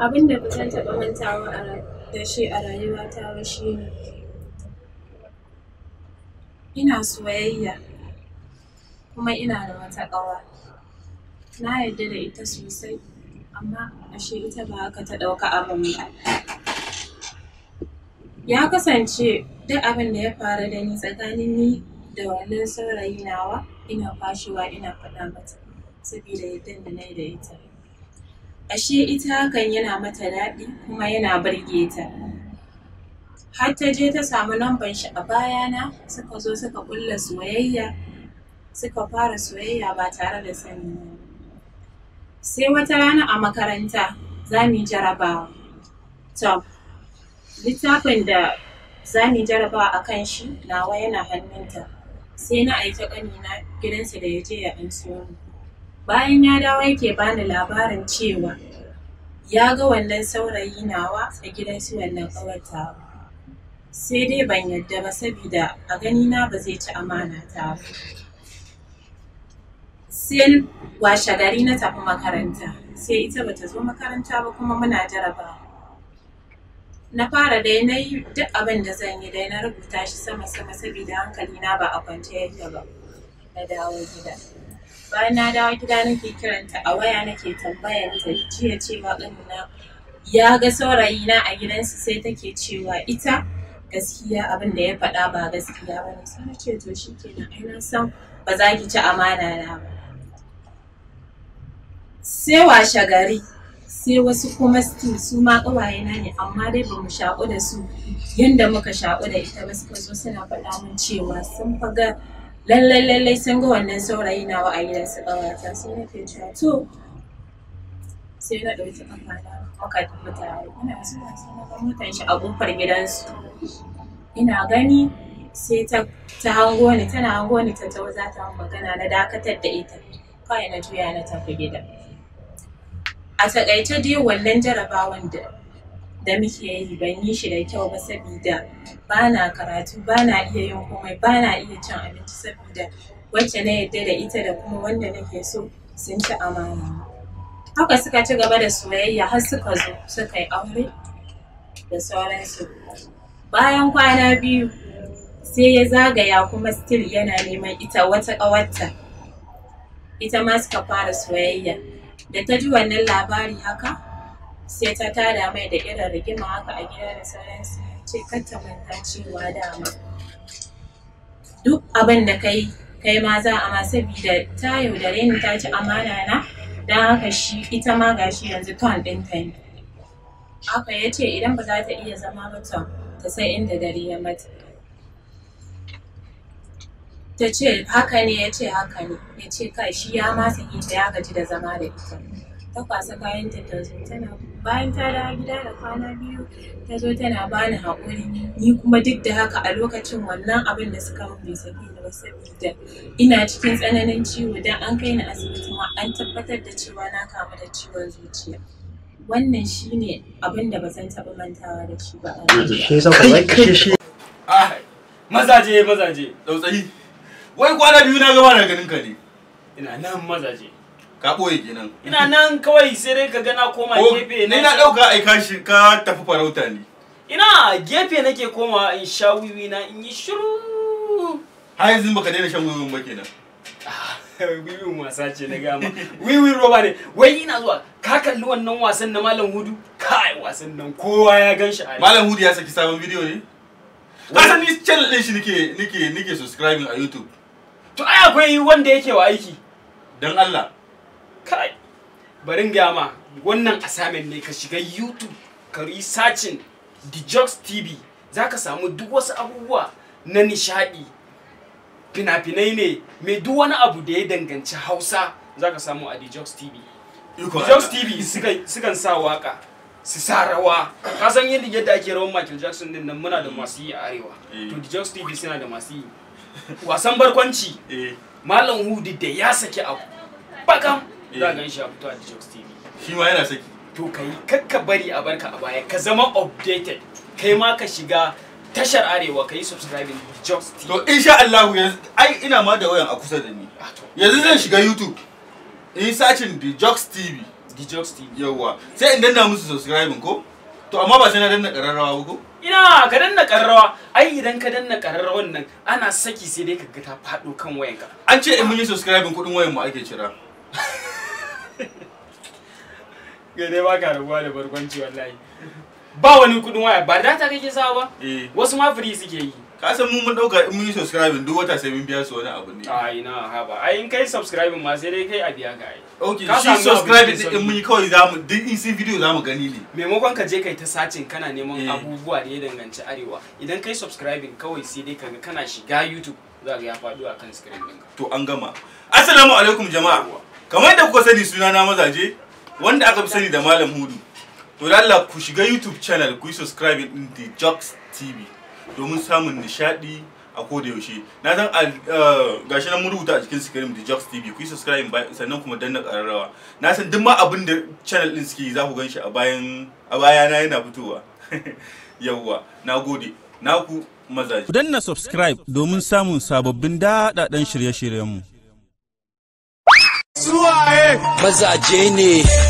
abin da ba zan taɓa mantawa da shi a rayuwata ba shi ne ina soyayya kuma ina da wata ƙawa na yarda da ita sosai amma ashe ita ba haka ta ɗauka abin ba ya kasance duk abin da ya faru da ni tsakanin ni da wannan saurayi nawa ina fashewa ina faɗa mata saboda yadda da na yi da ita ashe ita hakan yana mata daɗi kuma yana burge ta har ta je ta samu lamban shi a bayana suka zo suka ƙulla soyayya suka fara soyayya ba tare da sani sai wata rana a makaranta za mu jarabawa to littafin da za mu jarabawa a kan shi nawa yana hannunta sai na aiki ƙanina gidansa da ya je ya an ni bayan ya dawo yake bani labarin cewa ya ga wannan saurayi nawa a gidan su wannan ƙawatawa sai dai ban yadda ba saboda a ganina ba zai ci amana ta ba sai washe gari na tafi makaranta sai ita bata zo makaranta ba kuma muna jaraba na fara dai na yi duk abin da zan yi dai na rubuta shi sama sama saboda hankali na ba a kwance yadda ba na dawo gida bayan na dawo gida nake kiranta a waya nake tambayanta jiya cewa ƙanina ya ga na a gidansu sai take cewa ita gaskiya abin da ya faɗa ba gaskiya ba ne sai ce to shi kenan ai na san ba za ki ci amana na ba sai washe gari sai wasu kuma still su ma ƙawayena ne amma dai ba mu shaƙu da su yadda muka shaƙu da ita ba suka zo suna faɗa min cewa sun faga lallai lallai sun ga wannan saurayi wa a gidan su wata sai na ke cewa to sai na ɗauki kafana muka tafi tare ina zuwa sai na ga motar shi a ƙofar gidansu ina gani sai ta ta hango ni tana hango ni ta tawo za ta magana na dakatar da ita kawai na juya na tafi gida a taƙaice dai wannan jarabawan da da muke yi ban yi shi da kyau ba sabida ba na karatu ba na iya yin komai ba na iya cin abinci sabida wacce na yadda da ita da kuma wanda nake so sun ci amana haka suka ci gaba da soyayya har suka zo suka yi aure da sauransu bayan kwana biyu sai ya zagaya kuma still yana neman ita wata ƙawarta ita ma suka fara soyayya da ta ji wannan labari haka sai ta tada mai da irin rigima haka a gida da sauransu ce kar ta manta cewa dama duk abin da kai kai ma za a ma saboda ta yaudare ni ta ci amana na don haka shi ita ma ga shi, yanzu ton ɗin ta ne haka ya ce idan ba za ta iya zama ba ta sai inda dare ya mata ta ce haka ne ya ce haka ne ya ce kai shi ya ma sahi ta ya gaji da zama da ita ta kwasa bayan ta ta tana bayan ta dawo gida da kwana biyu ta zo tana bani haƙuri ni kuma duk da haka a lokacin wannan abin da suka min bai sabi da ba saboda ina cikin tsananin ciwo dan an kai ni asibiti ma an tabbatar da cewa na kamu da ciwon zuciya wannan shine abin da ba zan taɓa mantawa da shi ba mazaje mazaje tsautsayi wai kwana biyu na gaba na ganin ka ne ina nan mazaje ka ɓoye kenan ina nan kawai sai dai ka gana koma oh, gefe na ina ɗauka ai ka shi ka tafi farauta ne ina gefe nake koma in sha wiwi na in yi shiru har yanzu baka daina shan wiwin ba kenan ah, wiwin wasa ce na gama wiwin roba ne wai ina zuwa ka kalli wannan wasan na malam hudu kai wasan nan kowa ya gan shi malam hudu ya saki sabon bidiyo ne ka san ni channel din shi nake nake nake subscribing a youtube to ai akwai wanda yake wa aiki dan Allah kai barin gaya ma wannan assignment ne ka shiga youtube ka researching jokes tv za ka samu duk wasu abubuwa na nishadi fina-finai ne mai duk wani abu da ya danganci hausa za ka samu a jokes tv jokes tv sukan sa waka su sa rawa ka san yadda yadda ake rawan michael jackson din nan muna da masu yi a arewa eh. to jokes tv suna da masu yi wasan barkwanci eh. malam hudu da ya saki abu bakam za eh. gan shi a fito a Dijox TV shi ma yana saki to kai kakka bari a barka a baya ka zama updated kai ma ka shiga tashar arewa ka yi subscribing Dijox TV to insha Allah yanzu ai ina ma da wayan a kusa da ni ah, yanzu zan shiga YouTube in searching Dijox TV Dijox TV yawa sai in danna musu subscribing ko to amma ba sai na danna kararrawa ba ko ina ka danna kararrawa ai idan ka danna kararrawan nan ana saki sai dai ka ga ta faɗo kan wayanka an ce in mun yi subscribing kuɗin wayan mu ake cira ya dai baka rabuwa da barkwanci wallahi ba wani kudin waya ba data kake sa ba eh. wasu ma free suke yi ka san mu mun dauka in mun yi subscribing duk wata sai mun biya su wani abu ne a ah, ina ha ba ai in kai subscribing ma sai dai kai a biya ka ai okay shi subscribe din in mun yi kawai zamu duk in sun video zamu gani ne maimakon ka je kai ta searching kana neman eh. abubuwa da ya danganci arewa idan kai subscribing kawai sai dai kaga kana shiga youtube za ka ya faɗo a kan screen ɗinka to an gama assalamu alaikum jama'a kamar da kuka sani sunana mazaje wanda aka fi sani da malam hudu to Allah ku shiga youtube channel ku yi subscribe din the jocks tv domin samun nishadi a ko da yaushe na san ah, gashi nan mun rubuta a cikin screen the jocks tv ku yi subscribe sannan kuma danna ƙararrawa na san duk ma abin da channel din suke za ku ganshi a bayan a na yana fitowa yawwa nagode naku mazaji. ku danna subscribe domin samun sababbin daɗaɗɗen shirye-shiryenmu Suwaye! Mazaje ne!